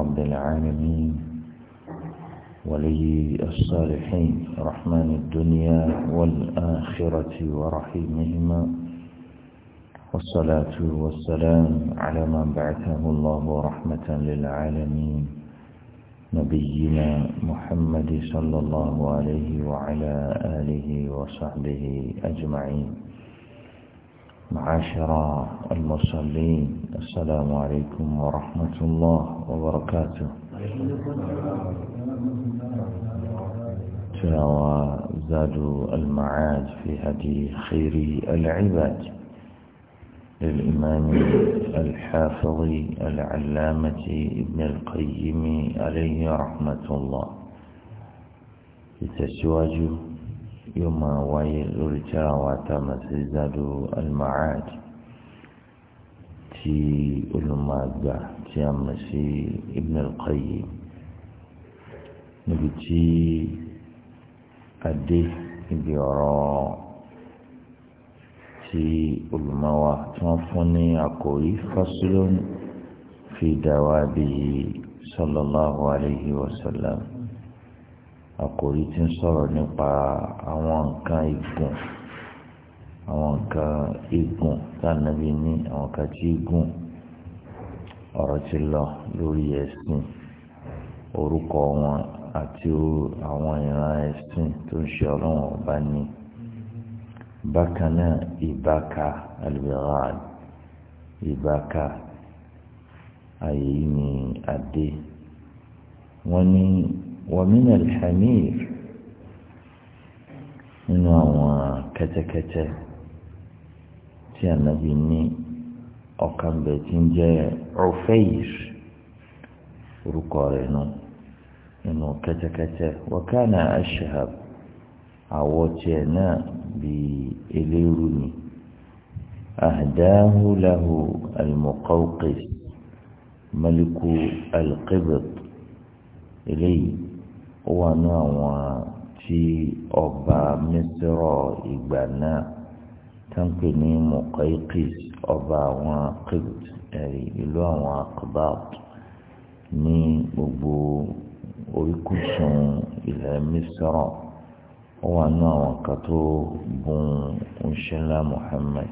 رب العالمين ولي الصالحين رحمن الدنيا والآخرة ورحيمهما والصلاة والسلام على من بعثه الله رحمة للعالمين نبينا محمد صلى الله عليه وعلى آله وصحبه أجمعين معاشر المصلين السلام عليكم ورحمة الله وبركاته تلاوى زاد المعاد في هدي خير العباد للإمام الحافظ العلامة ابن القيم عليه رحمة الله لتسواجه yóò máa wáyé lórí tíra wa tá a mọ̀ sí Zadu al-Ma'ad tí olùmọ̀gbà tí a mọ̀ sí Ibn al-Qayyim níbi tí adé níbi ọ̀rọ̀ tí olùmọ̀wá tí wọ́n fún ní àkòrí faslun fi dawabihi sallallahu alayhi wa sallam àkòrí tí ń sọ̀rọ̀ nípa àwọn nǹkan igun àwọn nǹkan igun tànàbí ní àwọn nǹkan tí igun ọ̀rọ̀ ti lọ lórí ẹ̀sìn orúkọ wọn àti àwọn ìran ẹ̀sìn tó ń ṣe ọlọ́wọ́n ọba ní bákan náà ìbáka alibirad ìbáka àyè ní adé wọ́n ní. ومن الحمير إنه هو كتكتة تيانا بني أقام بيتين جاء عفير رقارنا إنه كتكتة وكان أشهب عواتينا بإليروني أهداه له المقوقس ملك القبط إليه ó wà ní àwọn tí ọba mísírọ̀ ìgbà náà táǹpì ní Muqayqis ọba àwọn aqibt ẹ̀rí ìlú àwọn aqibat ní gbogbo oríkùsùn ilẹ̀ mísírọ̀ ó wà ní àwọn kan tó bùn òṣèlá Muhammad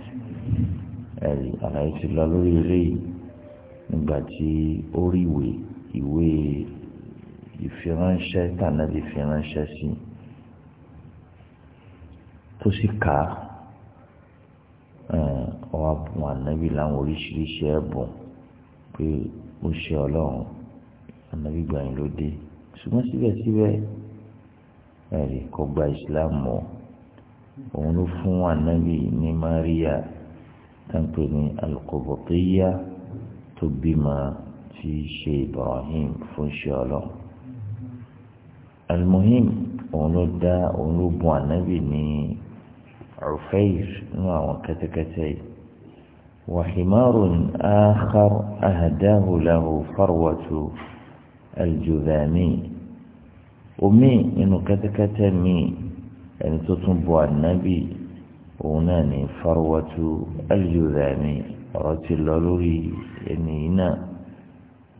ẹ̀rí àlàyé ti lọ lórí nígbà tí ó rí ìwé ìfiránṣẹ́ tànàbí ìfiránṣẹ́ sí tó sì kà á ọwọ́ àbùn ànábì láwọn oríṣiríṣi ẹ̀bùn pé ó ṣe ọlọ́run ànábì gbàyìn ló dé ṣùgbọ́n síbẹ̀síbẹ̀ ẹ̀rí kò gba ìsìláàmù o òun ló fún ànábì ní Maria tàǹpẹ̀ ní alukọ̀bọ̀tẹ́yà tó bímọ tí í ṣe Ibrahim fún ṣe ọlọ́run almuhim òun ló dá òun ló bùn ànábì ní Ufair nínú àwọn kẹ́tẹ́kẹ́tẹ́ yìí وحمار آخر أهداه له فروة الجذامي omi inú kẹ́tẹ́kẹ́tẹ́ mi ẹni tó tún bọ ànábì òun náà ní farwatu aljuzami ọ̀rọ̀ ti lọ lórí ẹni náà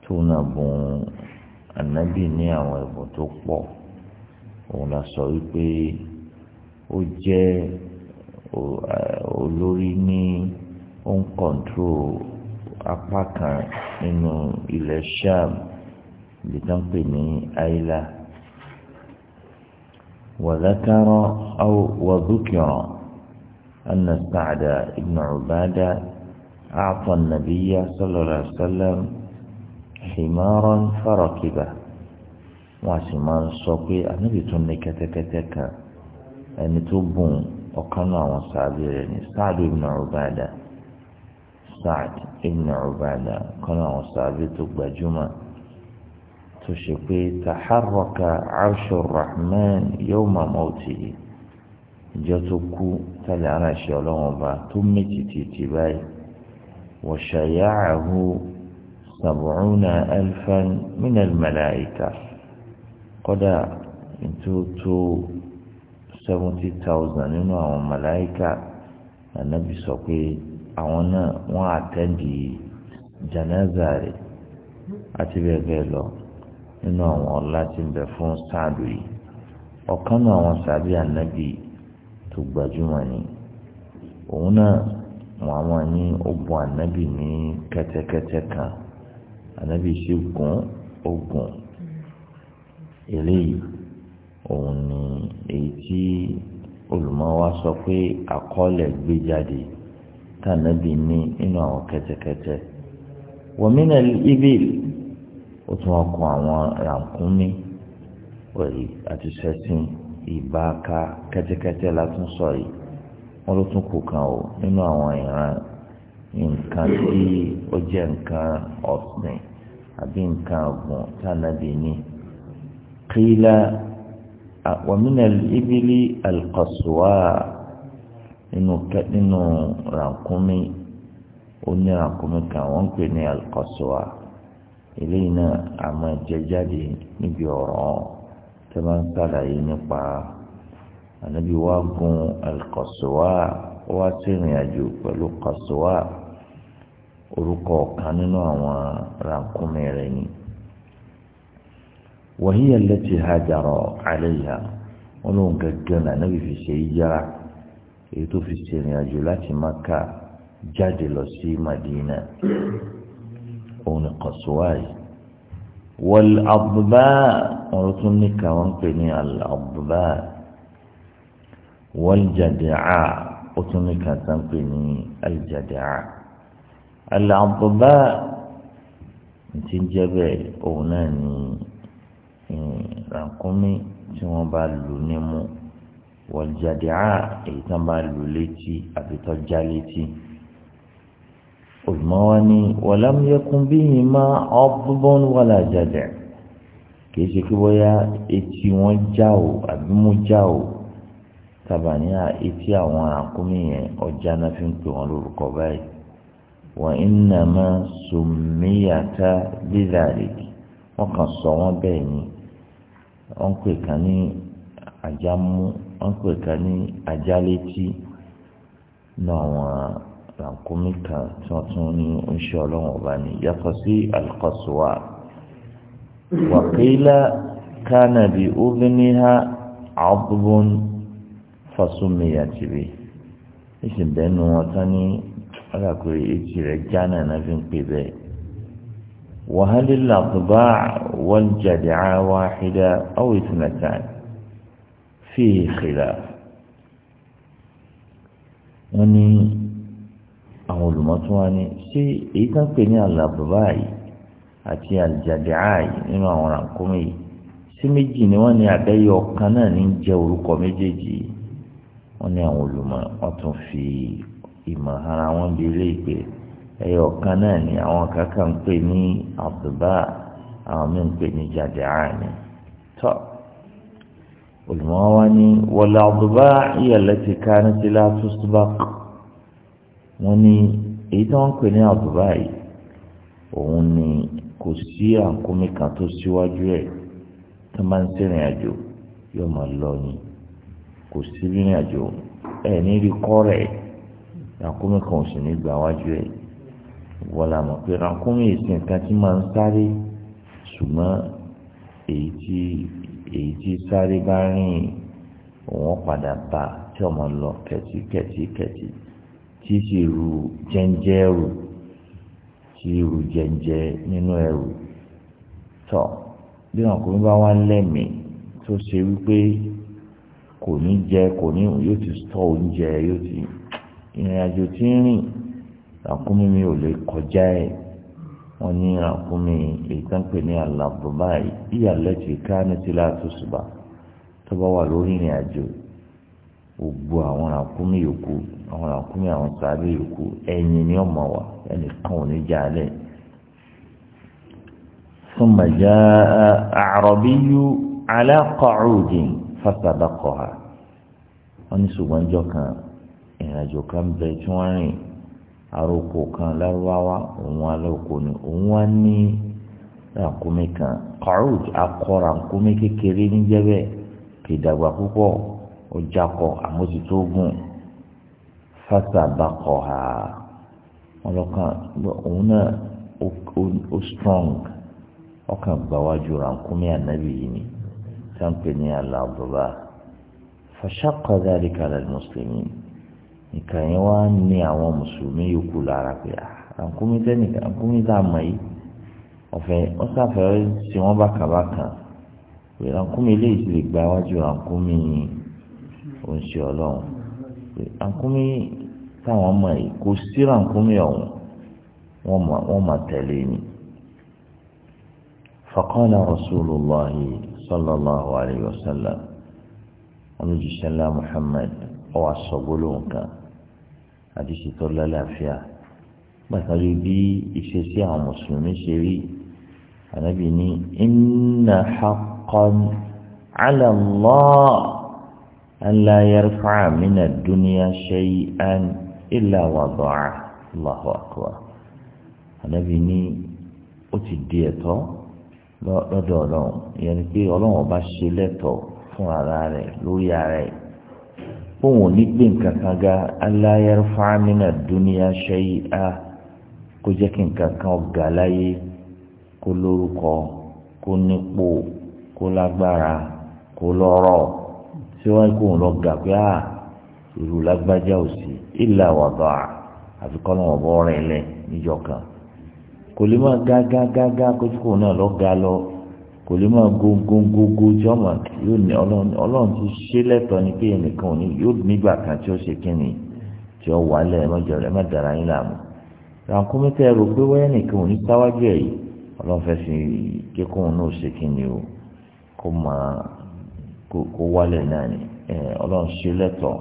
tó náà bùn ànábì ní àwọn ẹ̀bùn tó pọ̀ òun la sọ wípé ó jẹ́ olórí ní ó ń kọ̀ǹtró apá kan nínú ilẹ̀ sham ibi tó ń pè ní aila وذكر أو وذكر أن سعد بن عبادة أعطى النبي صلى الله عليه وسلم حمارا فركبه wọn a sì máa ń sọ pé ànábì tún ní kẹ́tẹ́kẹ́tẹ́ kan ẹni tó bùn ọ̀kan náà àwọn sàábì rẹ̀ ní Sa'd ibn Ubada Sa'd ibn Ubada kan náà àwọn sàábì tó gbajúmọ̀ tó ṣe pé taharraka arshu rahman yawma mawtihi ìjọ tó kú tálẹ̀ aráṣẹ ọlọ́wọ́n ọba tó méjì títí báyìí wa shaya'ahu sab'una alfan min al-malaika kódà ètò tó seventy thousand nínú àwọn màláìka ànábì sọ pé àwọn náà wọ́n àtẹ́ǹdì janaza rẹ̀ àti bẹ́ẹ̀ bẹ́ẹ̀ lọ nínú àwọn ọlá tí ń bẹ fún sáàdù yìí ọ̀kan náà àwọn sàbí ànábì tó gbajúmọ̀ ni òun náà wọn àwọn ní ó bu ní kẹ́tẹ́kẹ́tẹ́ kan ànábì sì gùn ó eléyìí òun ni èyí tí wa sọ pé àkọọ́lẹ̀ gbé jáde tànàbí ní inú àwọn kẹ́tẹ́kẹ́tẹ́ wọ̀mínà ibil ó tún ọkọ̀ àwọn rànkúnmí pẹ̀lú àti sẹ́sìn ìbáka kẹ́tẹ́kẹ́tẹ́ látún sọ yìí wọ́n ló tún kù kan o nínú àwọn ìran nǹkan tí ó jẹ́ nǹkan ọ̀sìn àbí nǹkan ọ̀gbìn tànàbí ní. قيل ومن الإبل القصواء nínú nínú ràkúnmí oní ràkúnmí kan wọ́n pè ní alqaswa eléyìí náà àmọ́ jẹ jáde níbi ọ̀rọ̀ tó máa ń sàlàyé nípa ànábi wa gun alqaswa wá sí ìrìnàjò pẹ̀lú qaswa orúkọ kan nínú àwọn ràkúnmí rẹ̀ ni. وهي التي هاجر عليها ولون قدنا نبي في سيجرة يتو في سينيا جلات مكة جادل في مدينة ون قصواي والأضباء ورطنك وانقني الأضباء والجدعاء وتنك تنقني الجدعاء الأضباء تنجبي أوناني rànkúnmí tí wọ́n bá lù nímú wọ̀jàdìá èyí tán bá lù létí àbí tó já létí. olùmọ́wá ní wàlámúyẹ́kún bíyìn máa ọ́bùbọ́n wàlà jàdẹ̀ kì í ṣe kí bóyá etí wọn já o àbí mú já o tàbá ní etí àwọn rànkúnmí yẹn ọjà náà fi ń pè wọ́n lórúkọ báyìí wọ́n ìnàmá sùnmíyàtà lílàrí wọ́n kàn sọ wọ́n bẹ́ẹ̀ ni wọ́n pè kan ní àjámú wọ́n pè kan ní àjálétí nínú àwọn rànkúmí kan tí wọ́n tún ní oṣù ọlọ́run ọba ní yàtọ̀ sí alqaswa wàkílá kánàbì ó bí ní ha àbúrún fásúmìyà tìbí wọn tán ní alákùnrin etí rẹ̀ jánà náà fi ń pè bẹ́ẹ̀. وهل الأطباع والجدعاء واحدة أو اثنتان فيه خلاف يعني àwọn olùmọ̀tún wa ni ṣé èyí tá ń pè ní àlàbùbá yìí àti àjàdìá yìí nínú àwọn rànkómi yìí sí méjì ni wọ́n ní àbẹ́yẹ ọ̀kan náà ní jẹ́ orúkọ méjèèjì wọ́n ní àwọn olùmọ̀ wọ́n tún fi ìmọ̀ ara wọn bí ilé ìpè ẹyọ kan náà ni àwọn kankan ń pè ní àdùbá àwọn mi ń pè ní jáde àárín tọ́ olùmọ́wá ní wọlé àdùbá ìyàlẹ́ ti ká ní ti látúntúbà wọn ní èyí tí wọ́n ń pè ní àdùbá yìí òun ni kò sí àǹkómi kan tó síwájú ẹ̀ tó máa ń sẹ́rìn àjò yóò máa lọ ni kò sí rìnrìn àjò ẹ̀ ní rí kọ́ rẹ̀ àǹkómi kan ò sì ní gbà wájú ẹ̀ wọ́n là mọ̀ pé rankumi ìsìn kan tí máa ń sáré ṣùgbọ́n èyí tí èyí tí sáré bá rìn òun padà bá tí ọmọ lọ kẹtì tí sì ru jẹ́ńjẹ́ ẹrù tí ru jẹ́ńjẹ́ nínú ẹrù tọ̀ bí rankumi bá wá lẹ́mìí tó ṣe wípé kò ní jẹ kò ní yóò ti sọ oúnjẹ yóò ti ìrìn tí ń rìn ràkúnmí mi ò lè kọjá ẹ̀ wọ́n ní ràkúnmí èyí tó ń pè ní àlàbùbá ìyàlẹ́tì káàmìtì látòṣùbà tó bá wà lórí ìrìn àjò gbogbo àwọn ràkúnmí yòókù àwọn ràkúnmí àwọn sàbẹ̀ yòókù ẹ̀yìn ni ọmọ wa ẹnìkan ò ní já alẹ́ ثم جاء عربي على قعود فسبقها wọ́n ní ṣùgbọ́n jọ kan ìrìnàjò kan bẹ tí wọ́n àròkò kan larubawa òun alóko ni òun wá ni ràkúnmí kan kọ́ọ̀d akọ ràkúnmí kekere ni kì í dàgbà púpọ̀ ó jakọ àmójútó gùn fásabakọ̀ ha ọlọ́kàn òun náà ó strong ni nǹkan yẹn wá ní àwọn mùsùlùmí yòókù lára pé ah, àǹkúmí tẹ́nìkan àǹkúmí tá a mọ̀ yìí ọ̀fẹ́ wọ́n sàfẹ́rẹ́ tí wọ́n bá kàbá kan pé àǹkúmí eléyìí ti lè gba iwájú àǹkúmí oṣù ọlọ́run pé àǹkúmí táwọn mọ̀ yìí kò sí àǹkúmí ọ̀hún wọ́n máa tẹ̀lé ni. فقال رسول الله صلى الله عليه وسلم ونجي محمد ọ wà sọ gbólóhùn kan àdìsí tó lálàáfíà gbàtàrí bí ìṣesí àwọn mùsùlùmí ṣe rí ànábì ní inna haqqan ala Allah an la yarfa'a min ad-dunya shay'an illa wada'a Allahu akbar ànábì ní ó ti di ẹ̀tọ́ lọ́dọ̀ ọlọ́run ìyẹn ni pé ọlọ́run ọba ṣe lẹ́tọ̀ọ́ fún ara rẹ̀ lórí ara rẹ̀ òun ò ní gbé nǹkan kan ga aláyẹrẹ fáamínà dúníà ṣẹ́yí á kó jẹ́ kí nǹkan kan ko láyé kó lórúkọ kó nípò kó lágbára kó lọ́rọ̀ tí wọ́n kó a lọ gà pé á ìlú lágbájá ò ìlà wàdà àfikọ́ náà wọ́n bọ́ lẹ̀ níjọ lọ kò lè máa gógógógó tí ọmọ yóò ní ọlọ́run ti ṣe lẹ́tọ̀ọ́ ni kéèyàn nìkan ò ní yóò nígbà kan tí ó ṣe kíni tí ó wà lẹ́ẹ̀ mọ́jọ rẹ̀ má dára yín láàmú. ràǹkómi tẹ́ rò pé wáyà nìkan ò ní sáwájú ẹ̀ yìí ọlọ́run fẹ́ fi kíkún òun náà ṣe kíni o kó máa kó wálẹ̀ náà ni ọlọ́run ṣe lẹ́tọ̀ọ́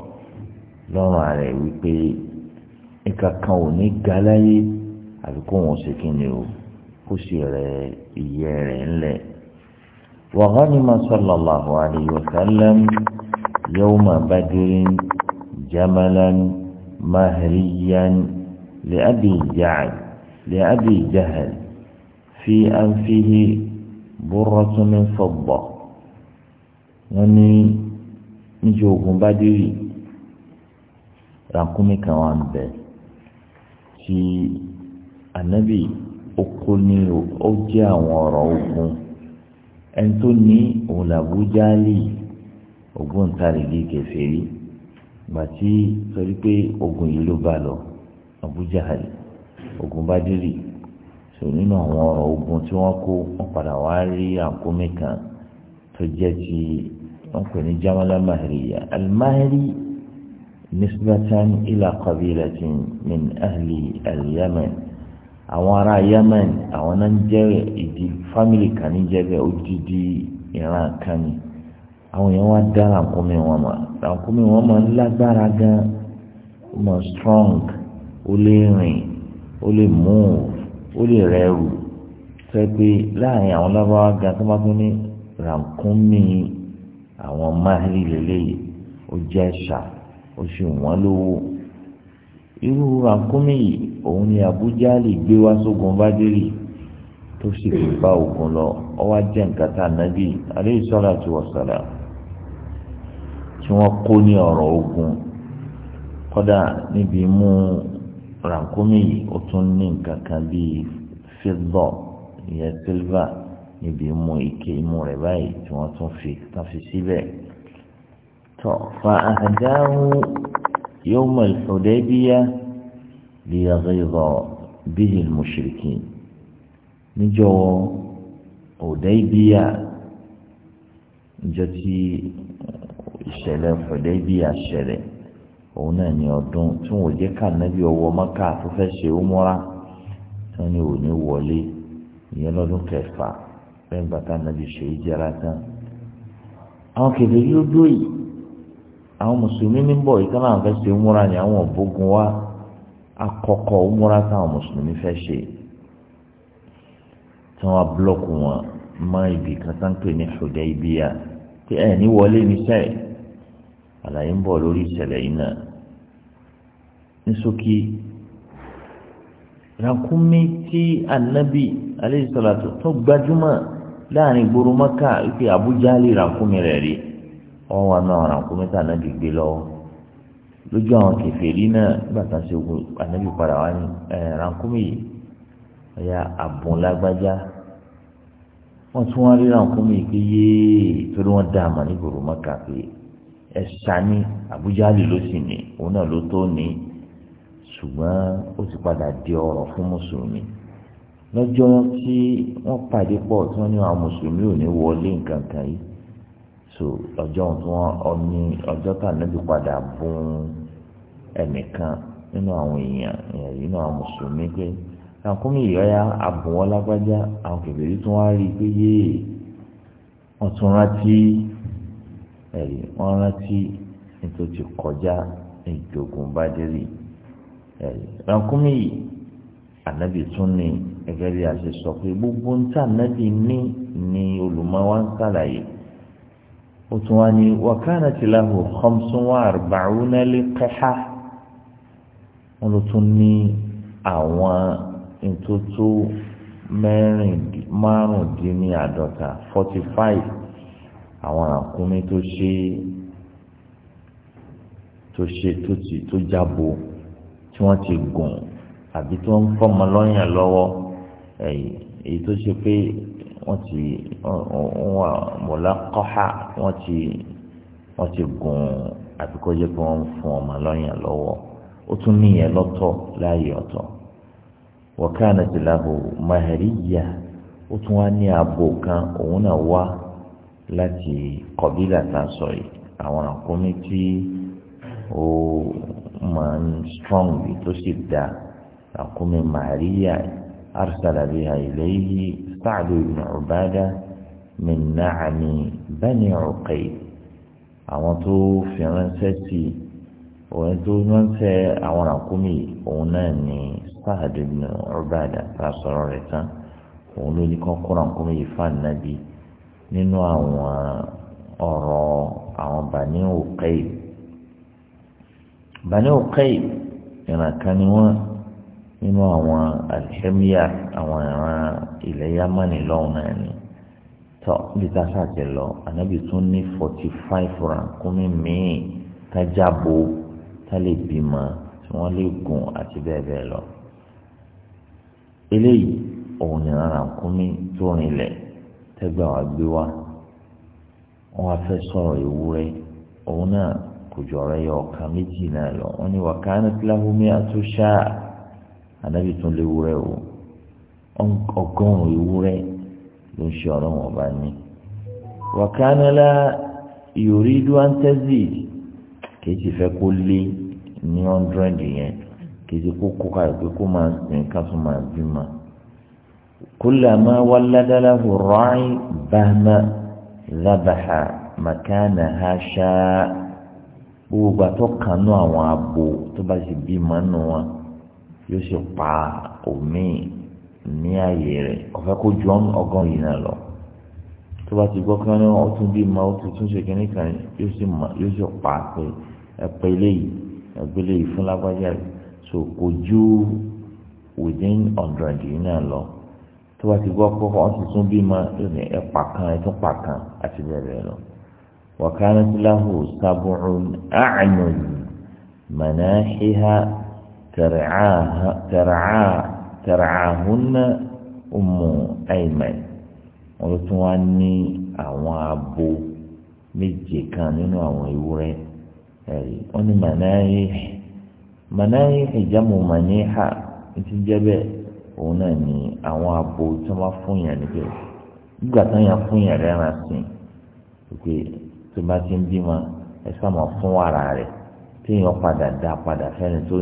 lọ́rùn ààrẹ wípé nǹkan kan ò ga láyé àbí kó ṣe kíni o kó sì rẹ ìyẹ́ rẹ̀ ńlẹ̀ وغنم صلى الله عليه وسلم يوم بدر جملا مهريا لأبي جعل لأبي جهل في أنفه برة من فضة يعني نجوكم بدري رقمي كمان به في النبي أقولني أوجه وراءكم ẹni tó ní òun làbújálì ògbóǹtarìgì kèfèrí gbàtí torí pé ogun yìí ló bá lọ àbújálì ogun bá délì sọ nínú àwọn ọ̀rọ̀ ogun tí wọ́n kó wọ́n padà wá rí àkómi kan tó jẹ́ ti wọ́n pè ní jamala mahiriya alimahiri nisbatan ila qabilatin min ahli al àwọn ará yemen àwọn náà ń jẹ́ ìdí fámìlì kan ní jẹ́bẹ̀ odidi ìran kan ni àwọn yẹn wá dá ràkúnmí wọn mọ̀ ràkúnmí wọn mọ̀ lágbára gan ó mọ̀ strong ó lè rìn ó lè move ó lè rẹrù sọ pé láàrin àwọn lábáwá gan tó bá tún ní ràkúnmí àwọn máàlì lélẹ́yìí ó jẹ́ ṣà ó sì wọ́n lówó irú àkúmí yìí òun ni Abuja lè gbé wá sógun bádìrì tó sì fi bá ogun lọ ọwá jẹ́ nǹkan tá ànábì alayhi salatu wa salam tí wọ́n kó ní ọ̀rọ̀ ogun kọ́dà níbi mú ràkúmí ó tún ní nǹkan kan bíi fílbọ̀ ìyẹn sílvà níbi mú ike imú rẹ̀ báyìí tí wọ́n tún fi tán fi síbẹ̀ tọ́ fa àdáhùn. يوم الحديبية ليغيظ به المشركين نجو حديبية جتي ìṣẹ̀lẹ̀ Hudaybiya ṣẹlẹ̀ òun náà ní ọdún tí wọn ò jẹ́ ká nábì ọwọ́ mọ́ká tó fẹ́ ṣe umura tí wọn ò ní wọlé ìyẹn lọ́dún kẹfà lẹ́yìn bàtà nábì ṣe é jẹ́ra tán. àwọn kèfèrí yóò dó yìí àwọn mùsùlùmí ní bọ̀ yìí kánáà fẹ́ ṣe múra ni àwọn òbógun wa àkọ́kọ́ múra táwọn mùsùlùmí fẹ́ ṣe tí wọ́n wọn ibi kan tán pè ní Hudaybiya pé ẹ̀ ní wọlé àlàyé ń bọ̀ lórí ìṣẹ̀lẹ̀ yìí náà ní anabi tó gbajúmọ̀ láàrin gbòòrò wípé rakumi rẹ̀ wọn wà náà ọ̀ràn kó mẹ́ta náà gbègbè lọ́wọ́ lójú àwọn kẹfẹ́rí náà nígbà tá a ṣe ogun ànábì padà wá ní ẹ̀ránkúmí yìí ọ̀yà àbùn lágbájá wọ́n tún wá rí ránkúmí pé yéé torí wọ́n dá àmọ́ ní gbòòrò mọ́kà pé ẹ̀ṣá ní Àbújá lè ló sì ní òun náà ló tó ní ṣùgbọ́n ó ti padà di ọ̀rọ̀ fún mùsùlùmí lọ́jọ́ tí wọ́n pàdé pọ̀ tí wọ́n ní àwọn mùsùlùmí ò ní wọlé nǹkan kan yìí so ọjọ́ tí wọ́n ọní ọjọ́ tá níbi padà bùn ẹnìkan nínú àwọn èèyàn nínú àwọn mùsùlùmí pé àkúnmí ìyọ́yá àbùwọ́ lágbájá àwọn kèbèrè tí wọ́n á rí i pé yéè wọ́n tún rántí ẹ̀rí wọ́n rántí nítorí ti kọjá ìjogún bádẹ́rì ẹ̀rí àkúnmí ànábì tún ní ẹgẹ́ bí sọ pé gbogbo ń tà ànábì ní ni olùmọ̀ wa ń sàlàyé. وتواني وكانت له خمس وأربعون لقحة ونتني أوان انتوتو márùndínláàdọ́ta forty five àwọn àkúnmí tó ṣe tó ṣe tó ti tó jábo tí wọ́n ti gùn àbí tó ń fọ́mọ lọ́yàn lọ́wọ́ èyí tó ṣe pé wọ́n ti wọ́n mọ̀lákọ́há wọ́n ti wọ́n ti gùn àbíkọ́jẹ́ pé wọ́n ń fún ọmọ lọ́yàn lọ́wọ́ ó tún níyẹn lọ́tọ̀ láàyè ọ̀tọ̀ wọ̀kánà ti láhù mahariya ó tún wá ní abo kan òun náà wá láti kọ̀bílà tá a sọ yìí àwọn àkómi tí ó máa ń strong tó sì da àkómi mahariya arsala biha ilayhi. سعد بن عبادة من نعم بني عقيل àwọn tó fi ránṣẹ́ sí òun tó ránṣẹ́ àwọn àkúmì òun náà ni Sa'd ibn Ubadah tá a sọ̀rọ̀ rẹ̀ tán òun ló ní kọ́kọ́rọ́ àkúmì yìí fún ànábì nínú àwọn ọ̀rọ̀ àwọn Bani Uqayl Bani Uqayl ìrànkan ni wọ́n nínú àwọn alihamiya àwọn ìran ilẹ̀ yamani lọ́hùn náà ni tọ́ níta sàtẹ lọ ànábì tún ní forty five rankumi míì tájàbo tálẹ̀ bímọ tí wọ́n lè gùn àti bẹ́ẹ̀ bẹ́ẹ̀ lọ. eléyìí òun ni rankumi tó rinlẹ̀ tẹ́gbà wá gbé wá wọ́n wá fẹ́ sọ̀rọ̀ ewúrẹ́ òun náà kò jọ̀rọ̀ ẹyọ ọ̀kan méjì náà lọ wọ́n ní wàkánà tíláhùmí àtúnṣáà. ànábì tún lé wúrẹ́ o ọgọ́rùn-ún ló ń ṣe ọ̀rọ̀ wọn bá ní. wàkánálá ìyórí duantẹ́sì kì í kó lé ní ọ̀ndrẹ́ndì yẹn kì kó kó káyọ̀ pé kó máa sìn ká tún máa bímọ. كلما ولد له الراعي بهما ذبح gbogbo àwọn abo tó bá nù wọn yóò sì pa omi ní ààyè rẹ̀ ọ̀fẹ́ kó ju ọgọ́rùn yìí náà lọ tó bá ti gbọ́ kí wọ́n ní wọ́n tún bí ma ó ti tún ṣe kínní kan yóò sì pa pé ẹ̀pẹ́ eléyìí ẹ̀pẹ́ eléyìí fún lágbájá rẹ̀ so kò ju within hundred yìí náà lọ tó bá ti gbọ́ pé wọ́n ti tún bí ma yóò ní ẹ̀pà kan ẹ̀tún pa kan àti bẹ́ẹ̀ bẹ́ẹ̀ lọ. wàkánà síláhù sábùrún àánú mọ̀nà ṣíhá. ترعاها ترعى ترعاهن أم أيمن ولتواني àwọn abo méje kan nínú àwọn ewúrẹ́ ẹ̀rí wọ́n ní mànáyé mànáyé ìjámu màníhà ti jẹ́ bẹ́ẹ̀ òun náà ní àwọn abo tí wọ́n bá fún yàn níbẹ̀ nígbà tí wọ́n yàn fún yàn rẹ́ran sìn pé tó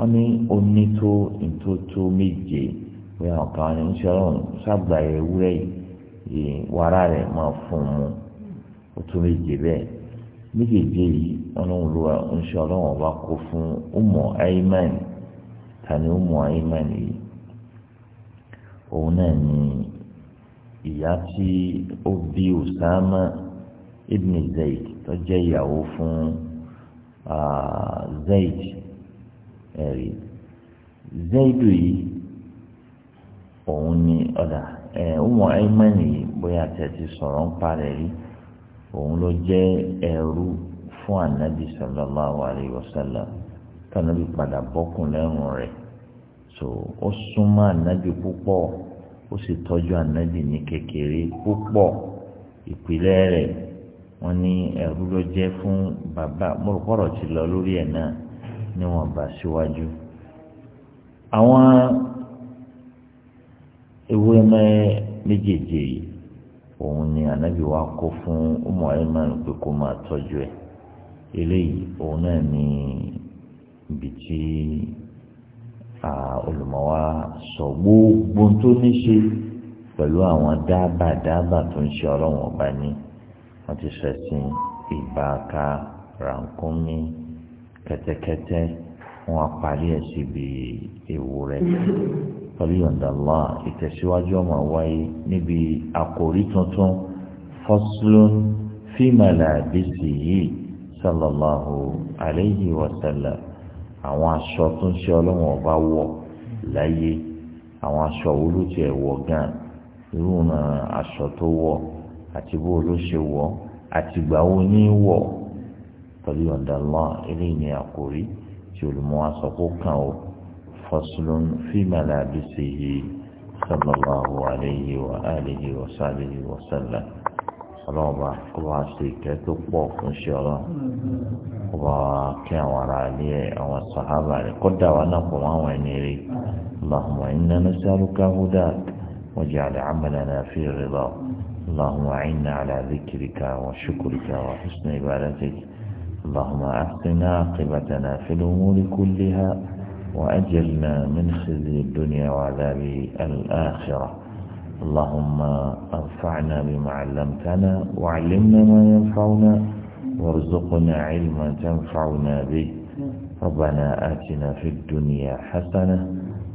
wọ́n ní oní tó ntótó méje bóyá ọ̀kan ni ń sọ̀rọ̀ ságbà ewúrẹ́ yìí wàrà rẹ̀ máa fún un mu ó tó méje bẹ́ẹ̀ méjèèjì yìí ọlọ́run ló wà ń sọ ọlọ́run ọba kó fún Ummu Ayman tani Ummu Ayman yìí òun náà ni ìyá tí ó bí Usama ibn Zayd tó jẹ́ ìyàwó fún ah, Zayd. ẹ̀rí zaidu yìí òun ni ọ̀dà ẹ̀ ọmọ ẹ̀mẹ́nì yìí bóyá tẹ̀sí sọ̀rọ̀ ń parẹ́ rí òun ló jẹ́ fún anabi sallallahu alayhi wa sallam tànàbí padà bọ́kùn lẹ́rùn rẹ̀ so ó súnmọ́ anabi púpọ̀ ó sì tọ́jú anabi ní kékeré púpọ̀ ìpìlẹ̀ rẹ̀ wọ́n ní ló jẹ́ fún bàbá mọ̀rọ̀kọ̀rọ̀ ti lọ lórí níwọ̀n bá síwájú. àwọn ewé méjèèjì yìí òun ni ànábì wa kó fún ọmọ ayémánu pé kó máa tọ́jú ẹ̀ eléyìí òun náà ní ibi tí olùmọ̀wá sọ gbogbo tó ní ṣe pẹ̀lú àwọn dábàá dábàá tó ń ṣe ọlọ́wọ̀n ọba ní wọ́n ti sọ ẹ̀sìn ìbáka rànkúnmí kẹ́tẹ́kẹ́tẹ́ wọn parí ẹ̀ síbi ewu rẹ̀ pẹ̀lú yọ̀ǹda Allah ìtẹ̀síwájú ọmọ wáyé níbi àkòrí tuntun faslun fi malabisihi sallallahu alayhi wa sallam àwọn aṣọ tó ń ṣe ọlọ́wọ́n ọba wọ̀ láyé àwọn aṣọ wo ló tiẹ̀ wọ̀ gan irú aṣọ tó wọ̀ àti bó ló ṣe wọ̀ àtìgbà wo ní wọ̀. pẹ̀lú ọ̀dà lọ eléyìí ni àkórí tí olùmọ̀wá sọ kó kàn ó faslun fi malabisihi yìí alayhi wa alihi wa sahbihi wa sallam ọlọ́ọ̀bà kó bá ṣe ìkẹ́ tó pọ̀ fún ṣe ọlọ́ kó bá kí àwọn ará ilé àwọn sàhábà rẹ̀ kó dà wá náà fún àwọn ẹni rí اللهم إنا نسألك هداك واجعل عملنا في رضاك اللهم أعنا على ذكرك وشكرك وحسن عبادتك اللهم أعطنا عاقبتنا في الأمور كلها وأجلنا من خزي الدنيا وعذاب الآخرة اللهم أنفعنا بما علمتنا وعلمنا ما ينفعنا وارزقنا علما تنفعنا به ربنا آتنا في الدنيا حسنة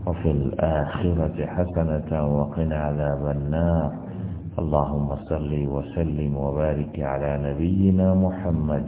وفي الآخرة حسنة وقنا عذاب النار اللهم صل وسلم وبارك على نبينا محمد